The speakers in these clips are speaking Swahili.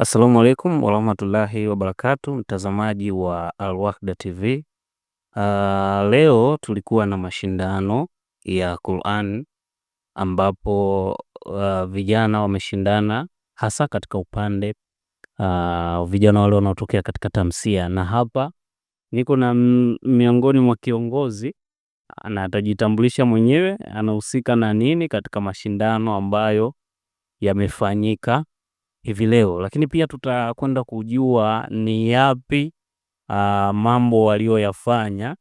Assalamu alaikum warahmatullahi wabarakatu, mtazamaji wa Alwahda TV. Uh, ah, leo tulikuwa na mashindano ya Quran ambapo uh, vijana wameshindana hasa katika upande uh, vijana wale wanaotokea katika tamsia, na hapa niko na miongoni mwa kiongozi na atajitambulisha mwenyewe anahusika na nini katika mashindano ambayo yamefanyika hivi leo, lakini pia tutakwenda kujua ni yapi uh, mambo walioyafanya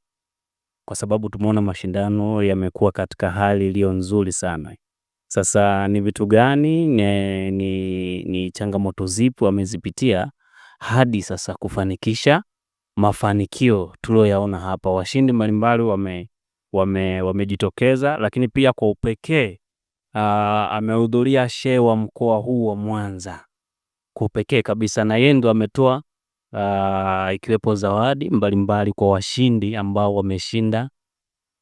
kwa sababu tumeona mashindano yamekuwa katika hali iliyo nzuri sana. Sasa ni vitu gani, ni, ni, ni changamoto zipi wamezipitia hadi sasa kufanikisha mafanikio tulioyaona hapa. Washindi mbalimbali wame wame wamejitokeza, lakini pia kwa upekee ah, amehudhuria shehe wa mkoa huu wa Mwanza kwa pekee kabisa, na yeye ndo ametoa uh, ikiwepo zawadi mbalimbali mbali kwa washindi ambao wameshinda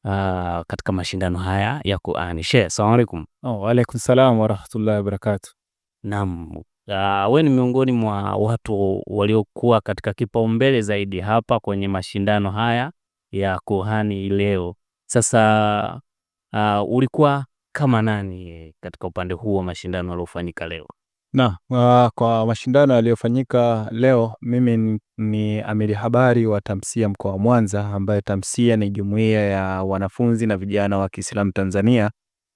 uh, katika mashindano haya ya Qur'ani. Sheikh, asalamu alaykum. Oh, wa alaykum salaam wa rahmatullahi wa barakatuh. Naam. Uh, we ni miongoni mwa watu waliokuwa katika kipaumbele zaidi hapa kwenye mashindano haya ya Qur'ani leo. Sasa uh, ulikuwa kama nani katika upande huu wa mashindano yaliyofanyika leo? Na uh, kwa mashindano yaliyofanyika leo, mimi ni amiri habari wa Tamsia mkoa wa Mwanza, ambayo Tamsia ni jumuiya ya wanafunzi na vijana wa Kiislamu Tanzania.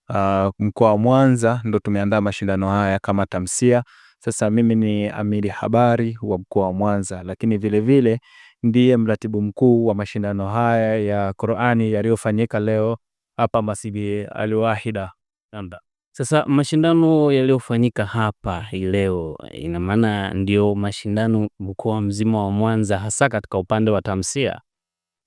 Uh, mkoa wa Mwanza ndo tumeandaa mashindano haya kama Tamsia. Sasa mimi ni amiri habari wa mkoa wa Mwanza, lakini vilevile vile, ndiye mratibu mkuu wa mashindano haya ya Qur'ani yaliyofanyika leo hapa Masjidi Al-Wahida. Sasa mashindano yaliyofanyika hapa hii leo, ina maana ndio mashindano mkoa mzima wa Mwanza, hasa katika upande wa tamsia?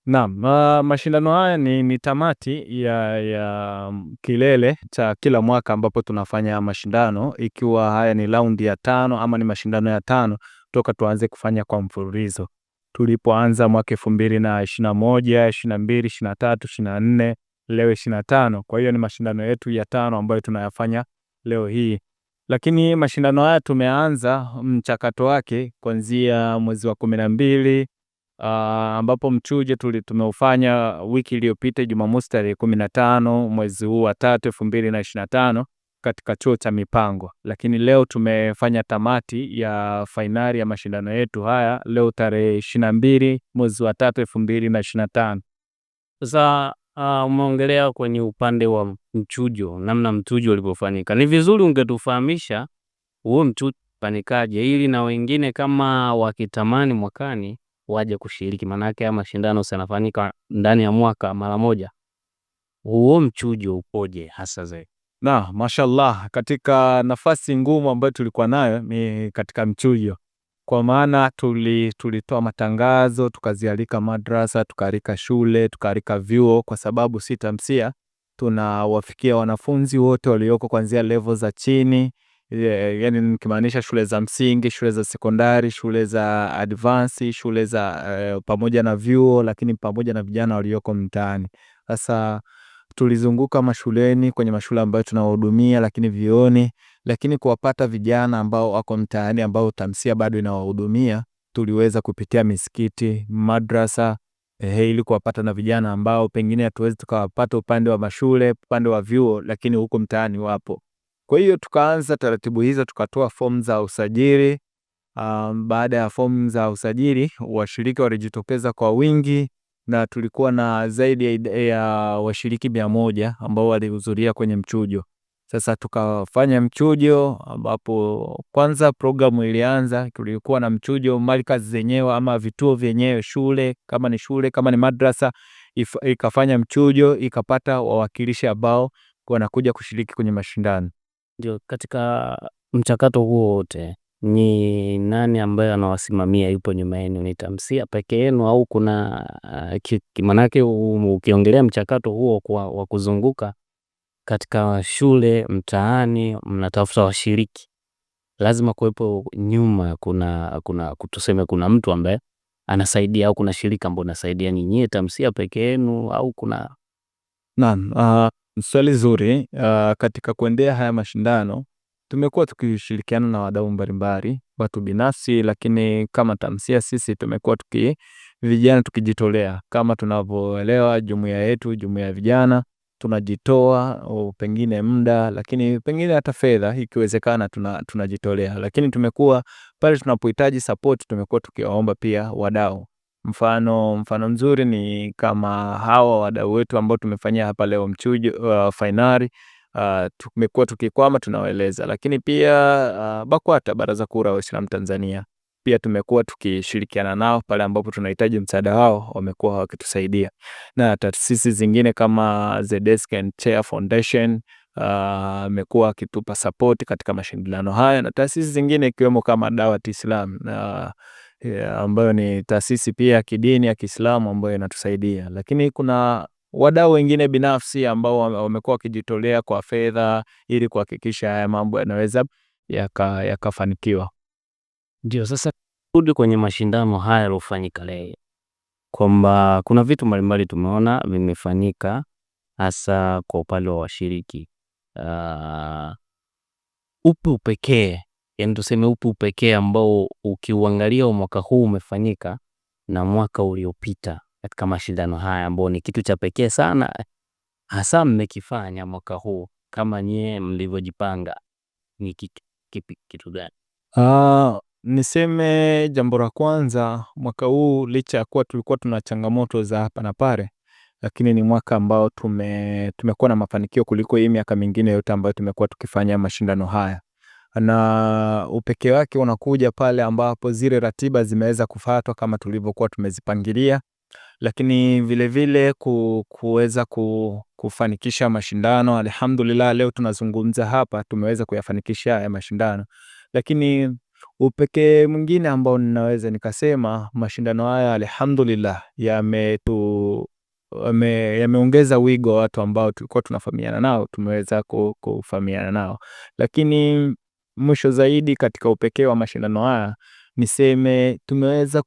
Naam, mashindano haya ni, ni tamati ya, ya kilele cha kila mwaka ambapo tunafanya mashindano, ikiwa haya ni raundi ya tano ama ni mashindano ya tano toka tuanze kufanya kwa mfululizo. Tulipoanza mwaka elfu mbili na ishirini na moja, ishirini na mbili, ishirini na tatu, ishirini na nne leo ishirini tano. Kwa hiyo ni mashindano yetu ya tano ambayo tunayafanya leo hii, lakini mashindano haya tumeanza mchakato wake kuanzia mwezi wa kumi na mbili Uh, ambapo mchuje tuli tumeufanya wiki iliyopita Jumamosi tarehe kumi na tano mwezi huu wa tatu elfu mbili na ishirini na tano katika chuo cha mipango, lakini leo tumefanya tamati ya fainali ya mashindano yetu haya leo tarehe ishirini na mbili mwezi wa tatu elfu mbili na ishirini na tano. Sasa Ah, umeongelea kwenye upande wa mchujo, namna mchujo ulivyofanyika. Ni vizuri ungetufahamisha huo mchujo ufanikaje, ili na wengine kama wakitamani mwakani waje kushiriki, maanake haya mashindano yanafanyika ndani ya mwaka mara moja. Huo mchujo upoje hasa zaidi? Na mashallah, katika nafasi ngumu ambayo tulikuwa nayo ni katika mchujo kwa maana tuli, tulitoa matangazo tukazialika madrasa tukaalika shule tukaalika vyuo, kwa sababu si tamsia tunawafikia wanafunzi wote walioko kuanzia levo za chini yeah, yani nikimaanisha shule za msingi, shule za sekondari, shule za advansi, shule za eh, pamoja na vyuo, lakini pamoja na vijana walioko mtaani. Sasa tulizunguka mashuleni kwenye mashule ambayo tunawahudumia, lakini vioni lakini kuwapata vijana ambao wako mtaani ambao Tamsia bado inawahudumia tuliweza kupitia misikiti, madrasa eh, ili kuwapata na vijana ambao pengine hatuwezi tukawapata upande wa mashule, upande wa vyuo, lakini huko mtaani wapo. Kwa hiyo tukaanza taratibu hizo, tukatoa fomu za usajili. Um, baada ya fomu za usajili washiriki walijitokeza kwa wingi na tulikuwa na zaidi ya, ya washiriki mia moja ambao walihudhuria kwenye mchujo. Sasa tukafanya mchujo ambapo kwanza programu ilianza, tulikuwa na mchujo markazi zenyewe ama vituo vyenyewe, shule kama ni shule kama ni madrasa ikafanya mchujo ikapata wawakilishi ambao wanakuja kushiriki kwenye mashindano. Ndio, katika mchakato huo wote ni nani ambaye anawasimamia, yupo nyuma yenu? Ni tamsia peke yenu au kuna uh, manake ukiongelea mchakato huo wa kuzunguka katika shule, mtaani, mnatafuta washiriki, lazima kuwepo nyuma, kuna kuna tuseme, kuna mtu ambaye anasaidia au kuna shirika ambalo linasaidia ni TAMSIA peke yenu au kuna naam? Uh, swali zuri. Uh, katika kuendea haya mashindano tumekuwa tukishirikiana na wadau mbalimbali, watu binafsi, lakini kama TAMSIA sisi tumekuwa tuki vijana tukijitolea kama tunavyoelewa jumuiya yetu, jumuiya ya vijana tunajitoa au pengine muda, lakini pengine hata fedha ikiwezekana tuna, tunajitolea. Lakini tumekuwa pale tunapohitaji support, tumekuwa tukiwaomba pia wadau. Mfano mfano mzuri ni kama hawa wadau wetu ambao tumefanyia hapa leo mchujo uh, fainali Uh, tumekuwa tukikwama tunawaeleza, lakini pia uh, BAKWATA Baraza Kuu la Waislamu Tanzania pia tumekuwa tukishirikiana nao pale ambapo tunahitaji msaada wao, wamekuwa wakitusaidia na taasisi zingine kama The Desk and Chair Foundation ah, amekuwa uh, akitupa sapoti katika mashindano haya na taasisi zingine ikiwemo kama Dawat Islam uh, ah, yeah, ambayo ni taasisi pia ya kidini ya Kiislamu ambayo inatusaidia, lakini kuna wadau wengine binafsi ambao wamekuwa wakijitolea kwa fedha ili kuhakikisha haya mambo yanaweza yakafanikiwa. Ndio sasa rudi kwenye mashindano haya yaliyofanyika leo, kwamba kuna vitu mbalimbali tumeona vimefanyika hasa kwa upande wa washiriki. Uh, ah, upe upekee, yani tuseme upe upekee ambao ukiuangalia mwaka huu umefanyika na mwaka uliopita katika mashindano haya ambao ni kitu cha pekee sana hasa mmekifanya mwaka huu kama nyie mlivyojipanga, ni kitu kitu gani? Uh, Niseme jambo la kwanza, mwaka huu licha ya kuwa tulikuwa tuna changamoto za hapa na pale, lakini ni mwaka ambao tume tumekuwa na mafanikio kuliko hii miaka mingine yote ambayo tumekuwa tukifanya mashindano haya, na upekee wake unakuja pale ambapo zile ratiba zimeweza kufuatwa kama tulivyokuwa tumezipangilia, lakini vilevile ku, kuweza ku, kufanikisha mashindano. Alhamdulillah, leo tunazungumza hapa tumeweza kuyafanikisha haya mashindano, lakini Upekee mwingine ambao ninaweza nikasema mashindano haya alhamdulillah yametu yameongeza wigo wa watu ambao tulikuwa tunafahamiana nao, tumeweza kufahamiana nao. Lakini mwisho zaidi katika upekee wa mashindano haya niseme tumeweza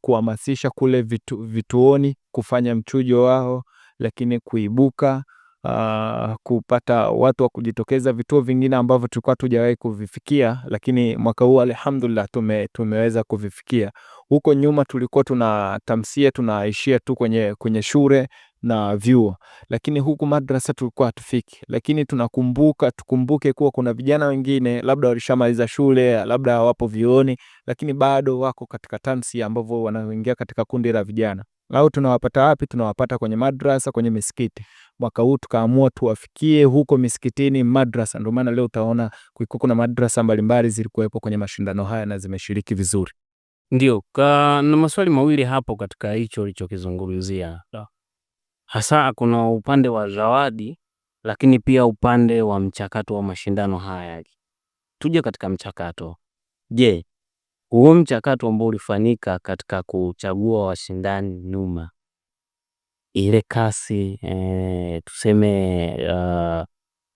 kuhamasisha kule vituoni kufanya mchujo wao, lakini kuibuka uh, kupata watu wa kujitokeza, vituo vingine ambavyo tulikuwa tujawahi kuvifikia, lakini mwaka huu alhamdulillah tume, tumeweza kuvifikia. Huko nyuma tulikuwa tuna tamsia tunaishia tu kwenye, kwenye shule na vyuo, lakini huku madrasa tulikuwa hatufiki. Lakini tunakumbuka tukumbuke kuwa kuna vijana wengine labda walishamaliza shule, labda wapo vyuoni, lakini bado wako katika tansi ambavyo wanaingia katika kundi la vijana au tunawapata wapi? Tunawapata kwenye madrasa, kwenye misikiti. Mwaka huu tukaamua tuwafikie huko misikitini, madrasa. Ndio maana leo utaona kulikuwa kuna madrasa mbalimbali zilikuwepo kwenye mashindano haya na zimeshiriki vizuri. Ndio na maswali mawili hapo katika hicho ulichokizungumzia, hasa kuna upande wa zawadi, lakini pia upande wa mchakato wa mashindano haya. Tuje katika mchakato. Je, huo mchakato ambao ulifanyika katika kuchagua washindani nyuma, ile kasi e, tuseme uh,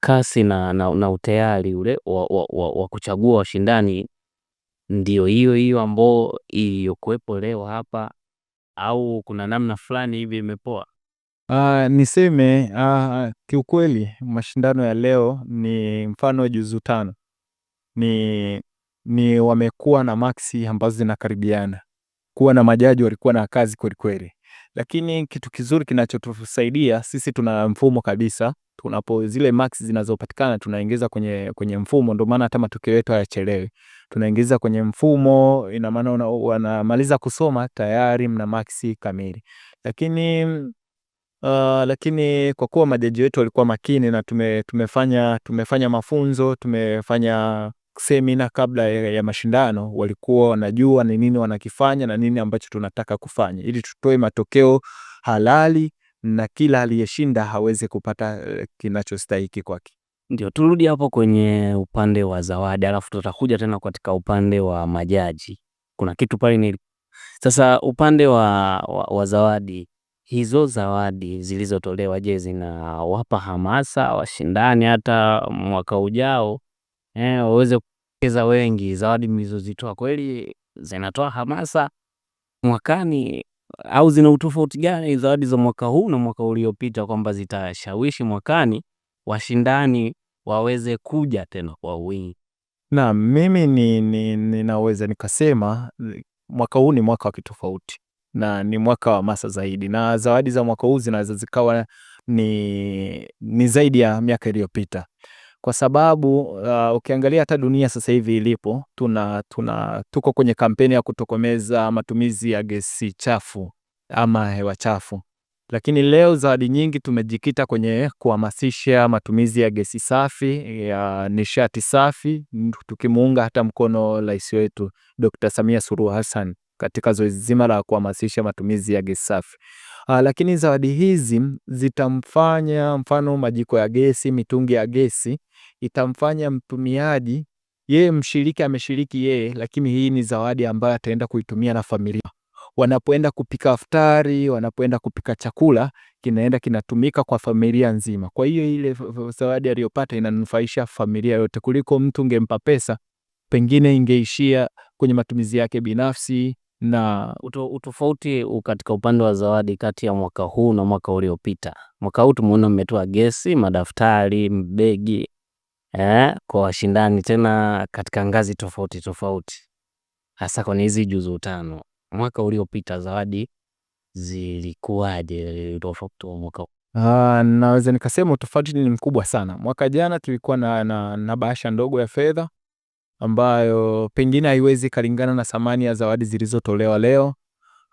kasi na, na, na utayari ule wa, wa, wa, wa kuchagua washindani ndio hiyo hiyo ambao iliyokuwepo leo hapa au kuna namna fulani hivi imepoa? Uh, niseme uh, kiukweli mashindano ya leo ni mfano juzu tano ni ni wamekuwa na maksi ambazo zinakaribiana, kuwa na majaji walikuwa na kazi kwelikweli. Lakini kitu kizuri kinachotusaidia sisi, tuna mfumo kabisa, tunapo zile maksi zinazopatikana tunaingiza kwenye, kwenye mfumo. Ndio maana hata matokeo yetu hayachelewi, tunaingiza kwenye mfumo. Ina maana wanamaliza kusoma tayari mna maksi kamili, lakini Uh, lakini kwa kuwa majaji wetu walikuwa makini na tume, tumefanya, tumefanya mafunzo tumefanya semina kabla ya mashindano walikuwa wanajua ni nini wanakifanya na nini ambacho tunataka kufanya, ili tutoe matokeo halali na kila aliyeshinda haweze kupata eh, kinachostahiki kwake. Ndio, turudi hapo kwenye upande wa zawadi, alafu tutakuja tena katika upande wa majaji. Kuna kitu pale ni sasa upande wa, wa, wa zawadi hizo zawadi zilizotolewa, je, zinawapa hamasa washindani hata mwaka ujao eh, waweze kukeza wengi. Zawadi mlizozitoa kweli zinatoa hamasa mwakani, au zina utofauti gani zawadi za mwaka huu na mwaka uliopita, kwamba zitashawishi mwakani washindani waweze kuja tena kwa wingi? Na mimi ninaweza ni, nikasema mwaka huu ni mwaka wa kitofauti na ni mwaka wa hamasa zaidi, na zawadi za mwaka huu zinaweza zikawa ni, ni zaidi ya miaka iliyopita kwa sababu uh, ukiangalia hata dunia sasa hivi ilipo, tuna, tuna tuko kwenye kampeni ya kutokomeza matumizi ya gesi chafu ama hewa chafu, lakini leo zawadi nyingi tumejikita kwenye kuhamasisha matumizi ya gesi safi ya nishati safi, tukimuunga hata mkono rais wetu Dr. Samia Suluhu Hassan katika zoezi zima la kuhamasisha matumizi ya gesi safi. Uh, lakini zawadi hizi zitamfanya mfano majiko ya gesi, mitungi ya gesi itamfanya mtumiaji yeye mshiriki ameshiriki yeye, lakini hii ni zawadi ambayo ataenda kuitumia na familia. Wanapoenda kupika iftari, wanapoenda kupika chakula, kinaenda kinatumika kwa familia nzima. Kwa hiyo ile zawadi aliyopata inanufaisha familia yote, kuliko mtu ungempa pesa, pengine ingeishia kwenye matumizi yake binafsi. Na utofauti katika upande wa zawadi kati ya mwaka huu na mwaka uliopita, mwaka huu tumeona mmetoa gesi, madaftari, mbegi eh, kwa washindani tena katika ngazi tofauti tofauti, hasa kwenye hizi juzu tano. Mwaka uliopita zawadi zilikuwaje tofauti wa mwaka? Ah, naweza nikasema utofauti ni mkubwa sana. Mwaka jana tulikuwa na, na, na bahasha ndogo ya fedha ambayo pengine haiwezi kalingana na thamani ya zawadi zilizotolewa leo.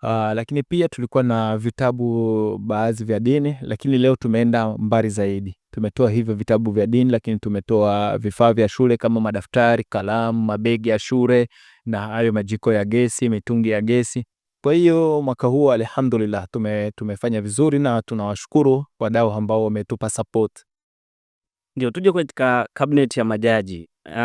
Aa, ah, lakini pia tulikuwa na vitabu baadhi vya dini, lakini leo tumeenda mbali zaidi tumetoa hivyo vitabu vya dini, lakini tumetoa vifaa vya shule kama madaftari, kalamu, mabegi ya shule na hayo majiko ya gesi, mitungi ya gesi. Kwa hiyo mwaka huu alhamdulillah tume, tumefanya vizuri na tunawashukuru wadau ambao wametupa support. Ndio tuje katika kabineti ya majaji. Aa,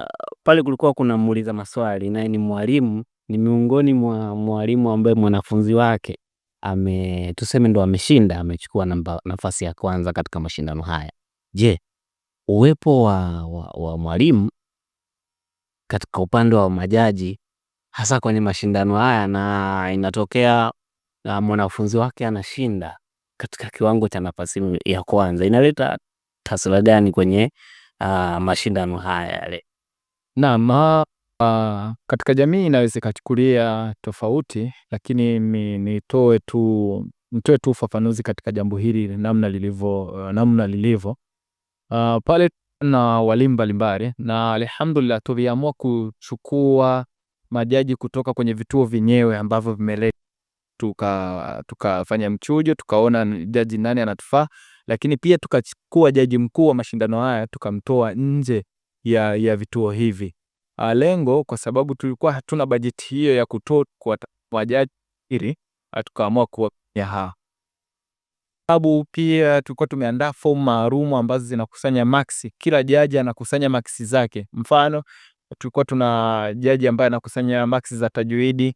ah, pale kulikuwa kuna muuliza maswali naye ni mwalimu, ni miongoni mwa mwalimu ambaye mwanafunzi wake ame tuseme ndo ameshinda, amechukua namba, nafasi ya kwanza katika mashindano haya. Je, uwepo wa, wa, wa mwalimu katika upande wa majaji hasa kwenye mashindano haya, na inatokea mwanafunzi wake anashinda katika kiwango cha nafasi ya kwanza, inaleta taswira gani kwenye uh, mashindano haya yale? Naam. Ah, Uh, katika jamii inaweza ikachukulia tofauti, lakini nitoe tu nitoe tu ufafanuzi katika jambo hili namna lilivyo, namna lilivyo uh, pale na walimu mbalimbali, na alhamdulillah tuliamua kuchukua majaji kutoka kwenye vituo vyenyewe ambavyo vimeleta, tuka tukafanya mchujo, tukaona jaji nani anatufaa, lakini pia tukachukua jaji mkuu wa mashindano haya tukamtoa nje ya, ya vituo hivi uh, lengo kwa sababu tulikuwa hatuna bajeti hiyo ya kutoa kwa waajiri, ah, tukaamua kuwafanyia hawa. Sababu pia tulikuwa tumeandaa fomu maalum ambazo zinakusanya maksi, kila jaji anakusanya maksi zake. Mfano, tulikuwa tuna jaji ambaye anakusanya maksi za tajwidi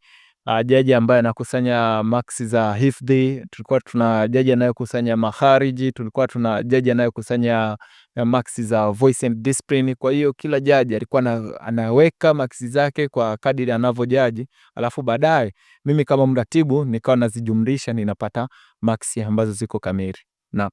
Uh, jaji ambaye anakusanya maksi za hifdhi, tulikuwa tuna jaji anayekusanya mahariji tulikuwa tuna jaji anayekusanya ya maksi za voice and discipline. Kwa hiyo kila jaji alikuwa na, anaweka maksi zake kwa kadiri anavyojaji, alafu baadaye mimi kama mratibu nikawa nazijumlisha ninapata maksi ambazo ziko kamili. Na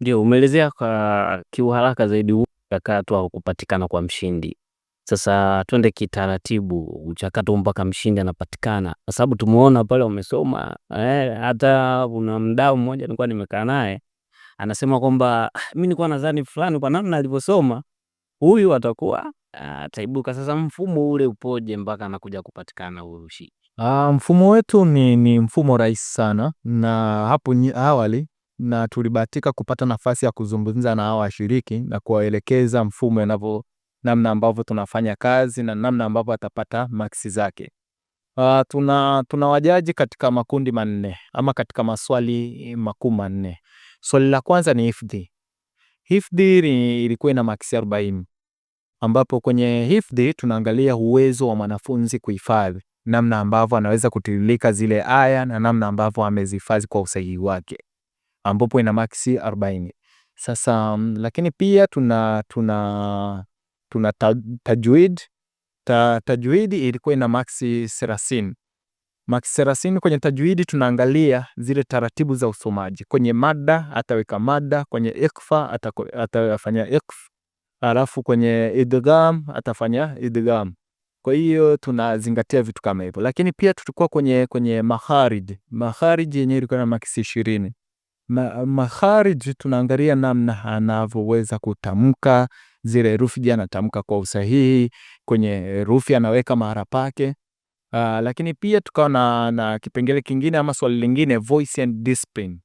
ndio umeelezea kwa kiuharaka zaidi mchakato wa kupatikana kwa mshindi. Sasa twende kitaratibu, mchakato mpaka mshindi anapatikana, kwa sababu tumeona pale umesoma eh, hata kuna mdau mmoja nilikuwa nimekaa naye eh anasema kwamba ah, mi nikuwa nadhani fulani kwa namna alivyosoma huyu atakuwa ah, ataibuka. Sasa mfumo ule upoje mpaka anakuja kupatikana huyu Sheikh? Ah, uh, mfumo wetu ni, ni mfumo rahisi sana, na hapo awali na tulibahatika kupata nafasi ya kuzungumza na hawa washiriki na kuwaelekeza mfumo yanavyo, namna ambavyo tunafanya kazi na namna ambavyo atapata maksi zake. Uh, tuna, tuna wajaji katika makundi manne ama katika maswali makuu manne. Swali la kwanza ni hifdhi. Hifdhi ilikuwa ina maksi 40 ambapo kwenye hifdhi tunaangalia uwezo wa mwanafunzi kuhifadhi, namna ambavyo anaweza kutiririka zile aya na namna ambavyo amezihifadhi kwa usahihi wake, ambapo ina maksi 40. Sasa mm, lakini pia tuna tuna tuna tajwid ta, tajwidi ilikuwa ina maksi 30 Maks thelathini kwenye tajwidi tunaangalia zile taratibu za usomaji. Kwenye mada ataweka mada, kwenye ikfa atafanya ikf, alafu kwenye idgham atafanya idgham. Kwa hiyo tunazingatia vitu kama hivyo, lakini pia tulikuwa kwenye kwenye makharij. Makharij yenyewe ilikuwa na maksi ishirini. Ma, makharij tunaangalia namna anavyoweza kutamka zile herufi. Je, anatamka kwa usahihi? Kwenye herufi anaweka mahara pake. Uh, lakini pia tukawa na, na kipengele kingine ama swali lingine voice and discipline.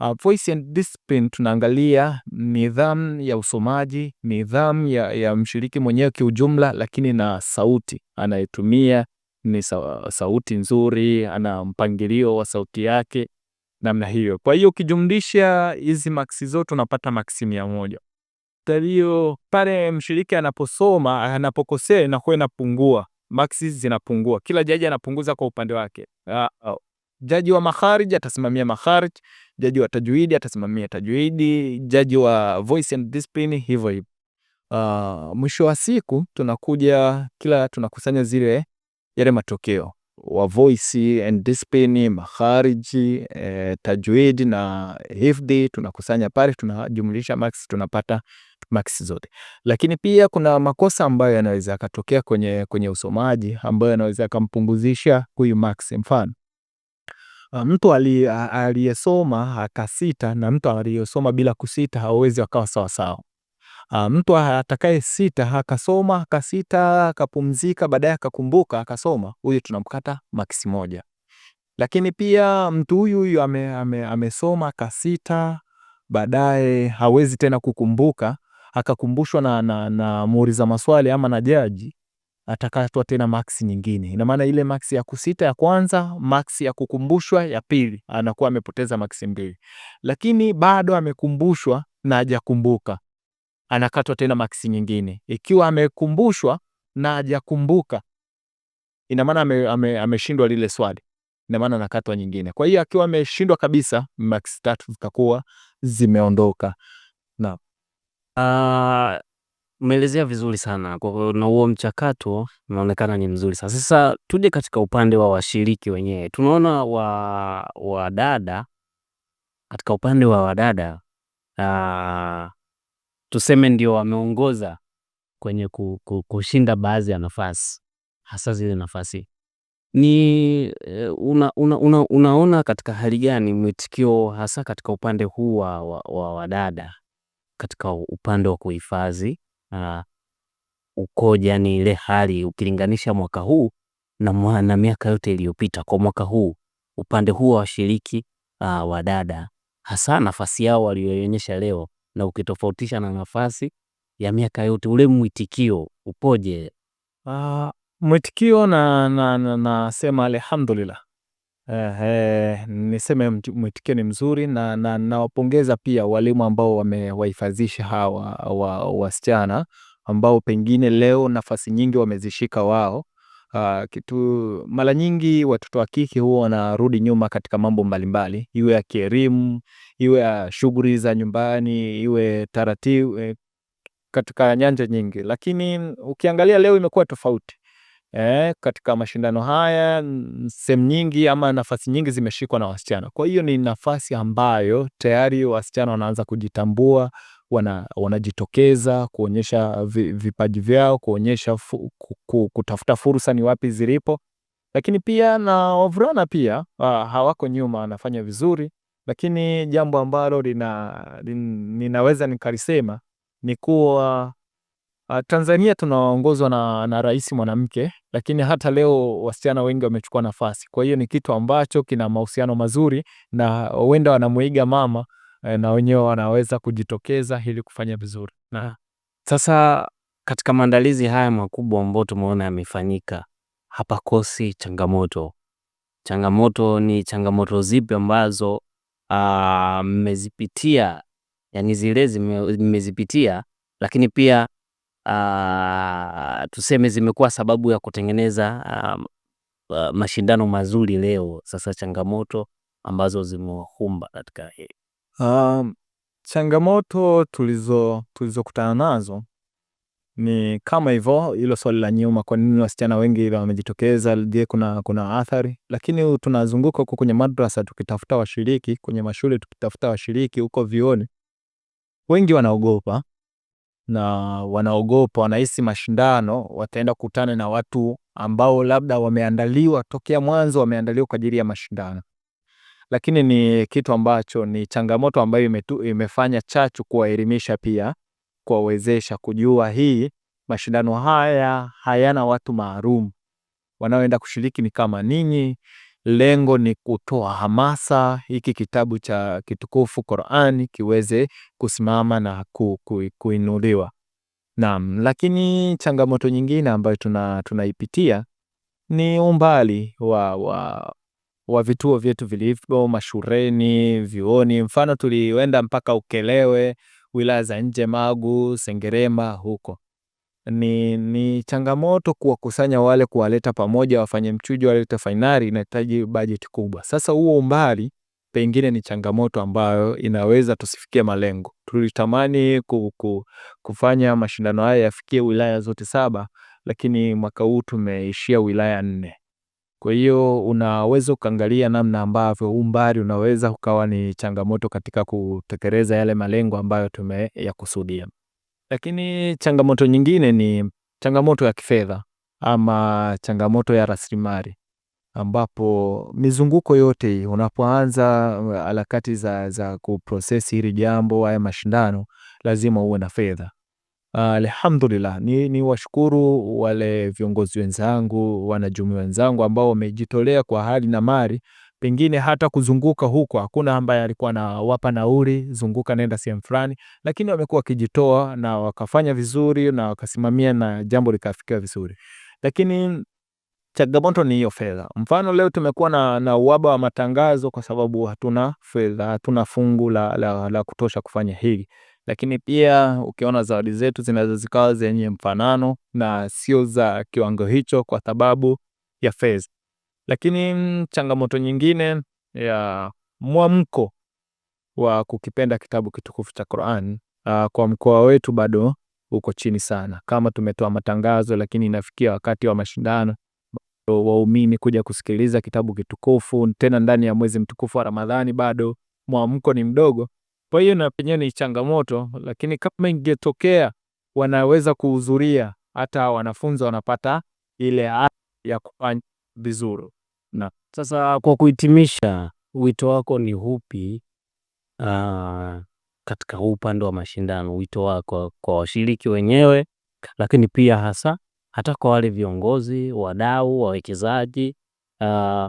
Uh, voice and discipline tunaangalia nidhamu ya usomaji, nidhamu ya, ya mshiriki mwenyewe kiujumla, lakini na sauti anayetumia ni sa, sauti nzuri, ana mpangilio wa sauti yake namna hiyo. Kwa hiyo ukijumlisha hizi maksi zote unapata maksi mia moja. Talio pale mshiriki anaposoma anapokosea inakuwa inapungua maxi zinapungua, kila jaji anapunguza kwa upande wake. Uh, uh, jaji wa maharij atasimamia maharij, jaji wa tajwidi atasimamia tajwidi, jaji wa voice and discipline hivyo hivyo. Uh, mwisho wa siku tunakuja kila tunakusanya zile yale matokeo wa voice and discipline, makhariji e, eh, tajwidi na hifdhi tunakusanya pale, tunajumlisha max, tunapata max zote. Lakini pia kuna makosa ambayo yanaweza yakatokea kwenye, kwenye usomaji ambayo yanaweza yakampunguzisha huyu max. Mfano ah, mtu aliyesoma akasita na mtu aliyesoma bila kusita hawezi wakawa sawasawa. Ah, mtu atakaye sita akasoma akasita akapumzika baadaye akakumbuka akasoma, huyu tunamkata maksi moja. Lakini pia mtu huyu huyu amesoma ame, ame akasita baadaye hawezi tena kukumbuka akakumbushwa na, na, na muuliza maswali ama na jaji atakatwa tena maksi nyingine. Ina maana ile maksi ya kusita ya kwanza, maksi ya kukumbushwa ya pili, anakuwa amepoteza maksi mbili, lakini bado amekumbushwa na hajakumbuka anakatwa tena maksi nyingine. Ikiwa amekumbushwa na hajakumbuka, ina maana ameshindwa ame, ame lile swali, ina maana anakatwa nyingine. Kwa hiyo akiwa ameshindwa kabisa, maksi tatu zitakuwa zimeondoka. Na Uh, ah, umeelezea vizuri sana na huo mchakato unaonekana ni mzuri sana. Sasa tuje katika upande wa washiriki wenyewe, tunaona wa wadada katika upande wa wadada uh, ah, tuseme ndio wameongoza kwenye kushinda baadhi ya nafasi, hasa zile nafasi ni eh, una, una, una, unaona katika hali gani mwitikio hasa katika upande huu wa, wa, wa wadada katika upande wa kuhifadhi uh, ukoje? Yani ile hali ukilinganisha mwaka huu na, na miaka yote iliyopita, kwa mwaka huu upande huu wa washiriki uh, ah, wadada hasa nafasi yao walioonyesha leo na ukitofautisha na nafasi ya miaka yote, ule mwitikio upoje? Uh, mwitikio na nasema na, na alhamdulillah. Eh, eh, niseme mwitikio ni mzuri na nawapongeza na pia walimu ambao wamewahifadhisha hawa wasichana ambao pengine leo nafasi nyingi wamezishika wao Uh, kitu mara nyingi watoto wa kike huwa wanarudi nyuma katika mambo mbalimbali, iwe ya kielimu, iwe ya shughuli za nyumbani, iwe taratibu eh, katika nyanja nyingi, lakini ukiangalia leo imekuwa tofauti. Eh, katika mashindano haya sehemu nyingi ama nafasi nyingi zimeshikwa na wasichana. Kwa hiyo ni nafasi ambayo tayari wasichana wanaanza kujitambua wana, wanajitokeza kuonyesha vipaji vyao, kuonyesha fu, kutafuta fursa ni wapi zilipo, lakini pia na wavulana pia ah, hawako nyuma, wanafanya vizuri, lakini jambo ambalo lina, ninaweza nikalisema ni kuwa ah, Tanzania tunaongozwa na, na rais mwanamke, lakini hata leo wasichana wengi wamechukua nafasi. Kwa hiyo ni kitu ambacho kina mahusiano mazuri na huenda wanamuiga mama Eh, na wenyewe wanaweza kujitokeza ili kufanya vizuri. Na sasa katika maandalizi haya makubwa ambayo tumeona yamefanyika, hapakosi changamoto. Changamoto ni changamoto zipi ambazo ah, mmezipitia? Yani zile mmezipitia, lakini pia uh, tuseme zimekuwa sababu ya kutengeneza uh, mashindano mazuri leo. Sasa changamoto ambazo zimewakumba katika hii Um, changamoto tulizo tulizokutana nazo ni kama hivyo hilo swali la nyuma, kwa nini wasichana wengi ile wamejitokeza? Je, kuna kuna athari? Lakini tunazunguka huko kwenye madrasa tukitafuta washiriki, kwenye mashule tukitafuta washiriki, huko vioni wengi wanaogopa na wanaogopa, wanahisi mashindano wataenda kukutana na watu ambao labda wameandaliwa tokea mwanzo, wameandaliwa kwa ajili ya mashindano lakini ni kitu ambacho ni changamoto ambayo imetu, imefanya chachu kuwaelimisha pia kuwawezesha kujua hii mashindano haya hayana watu maalum wanaoenda kushiriki, ni kama ninyi. Lengo ni kutoa hamasa, hiki kitabu cha kitukufu Qur'ani kiweze kusimama na ku, ku, kuinuliwa. Naam, lakini changamoto nyingine ambayo tuna tunaipitia ni umbali wa, wa wa vituo vyetu vilivyo mashureni, vyuoni. Mfano tulienda mpaka Ukelewe, wilaya za nje, Magu, Sengerema huko. Ni, ni changamoto kuwakusanya wale, kuwaleta pamoja, wafanye mchujo, walete fainali, inahitaji bajeti kubwa. Sasa huo umbali pengine ni changamoto ambayo inaweza tusifikie malengo. Tulitamani ku, ku, kufanya mashindano haya yafikie wilaya zote saba, lakini mwaka huu tumeishia wilaya nne. Kwa hiyo unaweza ukaangalia namna ambavyo umbali unaweza ukawa ni changamoto katika kutekeleza yale malengo ambayo tumeyakusudia. Lakini changamoto nyingine ni changamoto ya kifedha ama changamoto ya rasilimali ambapo mizunguko yote unapoanza harakati za, za kuprosesi hili jambo haya mashindano lazima uwe na fedha. Ah, alhamdulillah, ni, ni washukuru wale viongozi wenzangu, wanajumuiya wenzangu ambao wamejitolea kwa hali na mali, pengine hata kuzunguka huko hakuna ambaye alikuwa anawapa nauli, zunguka nenda sehemu fulani, lakini wamekuwa wakijitoa na wakafanya vizuri na wakasimamia na jambo likafikia vizuri, lakini changamoto ni hiyo fedha. Mfano leo tumekuwa na, na uhaba wa matangazo kwa sababu hatuna fedha, hatuna fungu la, la, la kutosha kufanya hili. Lakini pia ukiona zawadi zetu zinaweza zikawa zenye mfanano na sio za kiwango hicho kwa sababu ya fedha. Lakini mm, changamoto nyingine ya mwamko wa kukipenda kitabu kitukufu cha Qur'an ah, kwa mkoa wetu bado uko chini sana. Kama tumetoa matangazo, lakini inafikia wakati wa mashindano, waumini kuja kusikiliza kitabu kitukufu tena ndani ya mwezi mtukufu wa Ramadhani, bado mwamko ni mdogo. Kwa hiyo na penyewe ni changamoto, lakini kama ingetokea wanaweza kuhudhuria, hata wanafunzi wanapata ile ya kufanya vizuri. Na sasa kwa kuhitimisha, wito wako ni upi ah, katika huu upande wa mashindano? Wito wako kwa washiriki wenyewe, lakini pia hasa hata kwa wale viongozi, wadau, wawekezaji, ah,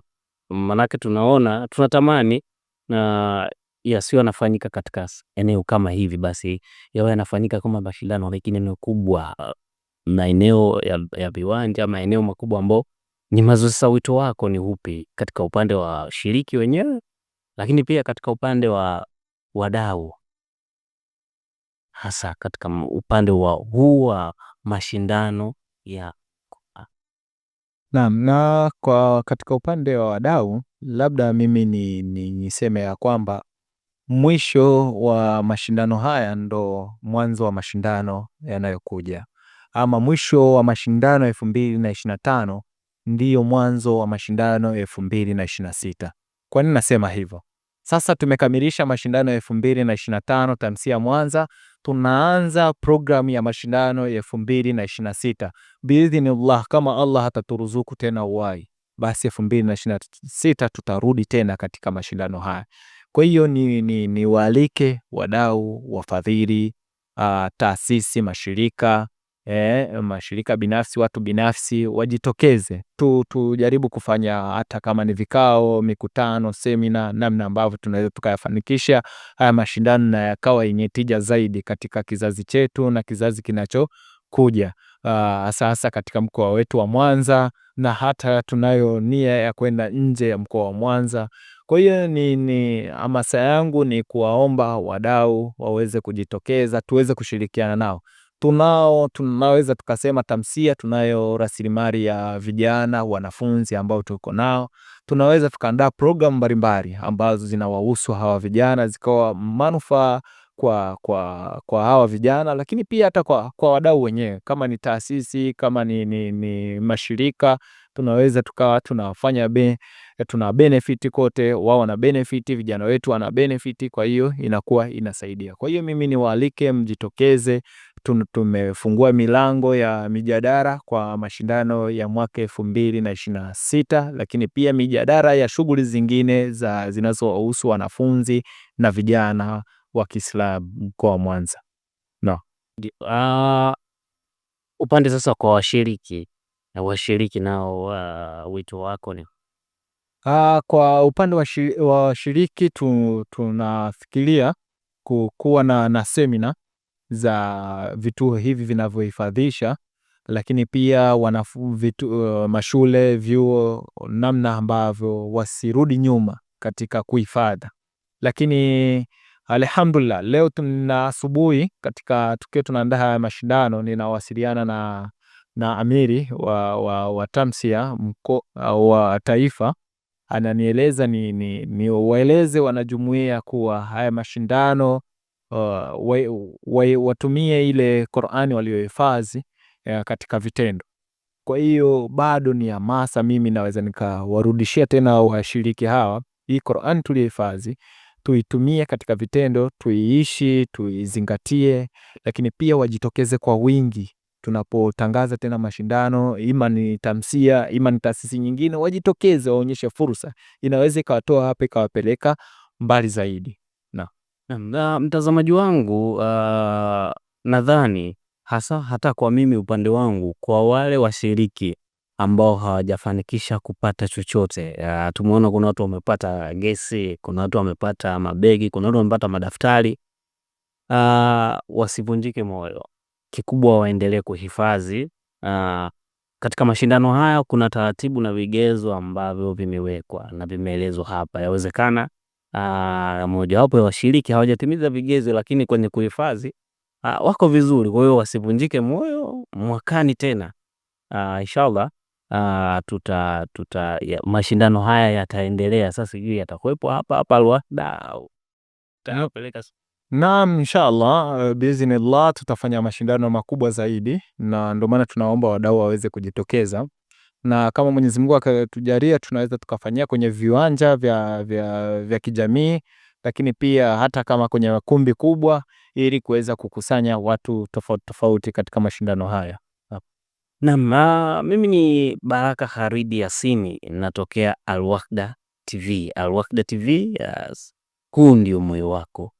maanake tunaona tunatamani na yasiyo yanafanyika katika eneo kama hivi, basi yawe yanafanyika kama mashindano, lakini eneo kubwa, maeneo ya viwanja maeneo makubwa ambao ni mazuri. Sasa wito wako ni upi katika upande wa shiriki wenyewe, lakini pia katika upande wa wadau, hasa katika upande wa huu wa mashindano ya naam. Na kwa katika upande wa wadau, labda mimi ni, ni, niseme ya kwamba mwisho wa mashindano haya ndo mwanzo wa mashindano yanayokuja, ama mwisho wa mashindano elfu mbili na ishirini na tano ndiyo mwanzo wa mashindano elfu mbili na ishirini na sita. Kwa nini nasema hivyo? Sasa tumekamilisha mashindano elfu mbili na ishirini na tano Tamsia Mwanza, tunaanza programu ya mashindano elfu mbili na ishirini na sita biidhinillah, kama Allah ataturuzuku tena uwai, basi elfu mbili na ishirini na sita tutarudi tena katika mashindano haya. Kwa hiyo ni, ni, ni waalike wadau, wafadhili, uh, taasisi, mashirika eh, mashirika binafsi, watu binafsi wajitokeze tu, tujaribu kufanya hata kama ni vikao, mikutano, semina, namna ambavyo tunaweza tukayafanikisha haya mashindano na yakawa yenye tija zaidi katika kizazi chetu na kizazi kinachokuja, hasa hasa uh, katika mkoa wetu wa Mwanza na hata tunayo nia ya kwenda nje ya mkoa wa Mwanza. Kwa hiyo ni, ni hamasa yangu ni kuwaomba wadau waweze kujitokeza, tuweze kushirikiana nao. Tunao, tunaweza tukasema Tamsia tunayo rasilimali ya vijana wanafunzi ambao tuko nao. Tunaweza tukaandaa programu mbalimbali ambazo zinawahusu hawa vijana zikawa manufaa kwa, kwa, kwa hawa vijana lakini pia hata kwa, kwa wadau wenyewe kama ni taasisi kama ni, ni, ni mashirika tunaweza tukawa tunafanya be, tuna benefit kote, wao wana benefit, vijana wetu wana benefit, kwa hiyo inakuwa inasaidia. Kwa hiyo mimi niwaalike mjitokeze, tumefungua milango ya mijadala kwa mashindano ya mwaka elfu mbili na ishirini na sita, lakini pia mijadala ya shughuli zingine za zinazohusu wanafunzi na vijana wa Kiislamu mkoa wa Mwanza no. Uh, ah, upande sasa kwa washiriki na washiriki nao, uh, wito wako ni uh, kwa upande wa washiriki tu, tunafikiria kuwa na, na semina za vituo hivi vinavyohifadhisha, lakini pia wanafu, vitu, uh, mashule vyuo, namna ambavyo wasirudi nyuma katika kuhifadha. lakini alhamdulillah leo tuna asubuhi katika tukio tunaandaa haya mashindano, ninawasiliana na na amiri wa, wa, wa tamsia mko, wa taifa ananieleza ni, ni, ni waeleze wanajumuia kuwa haya mashindano uh, wa, wa, watumie ile Qur'ani waliohifadhi uh, katika vitendo. Kwa hiyo bado ni hamasa, mimi naweza nikawarudishia tena washiriki hawa, hii Qur'ani tuliyohifadhi tuitumie katika vitendo, tuiishi, tuizingatie, lakini pia wajitokeze kwa wingi tunapotangaza tena mashindano, ima ni Tamsia, ima ni taasisi nyingine, wajitokeze waonyeshe fursa, inaweza ikawatoa hapa ikawapeleka mbali zaidi. Na, na mtazamaji wangu uh, nadhani hasa hata kwa mimi upande wangu, kwa wale washiriki ambao hawajafanikisha kupata chochote. Uh, tumeona kuna watu wamepata gesi, kuna watu wamepata mabegi, kuna watu wamepata madaftari. Uh, wasivunjike moyo, kikubwa waendelee kuhifadhi. Uh, katika mashindano haya kuna taratibu na vigezo ambavyo vimewekwa na vimeelezwa hapa. Yawezekana uh, mojawapo ya washiriki hawajatimiza vigezo, lakini kwenye kuhifadhi uh, wako vizuri. Kwa hiyo wasivunjike moyo, mwakani tena uh, inshallah Uh, tuta, tuta ya, mashindano haya yataendelea. Sasa sijui yatakuwepo hapa hapa Luanda au Naam, Allah eh, biiznillah tutafanya mashindano makubwa zaidi, na ndio maana tunaomba wadau waweze kujitokeza, na kama Mwenyezi Mungu akatujalia, tunaweza tukafanyia kwenye viwanja vya, vya, vya kijamii, lakini pia hata kama kwenye kumbi kubwa, ili kuweza kukusanya watu tofauti tofauti katika mashindano haya. Naam, mimi ni Baraka Kharidi Yasini, natokea Al TV. Al TV, yes. Huu ndio moyo wako.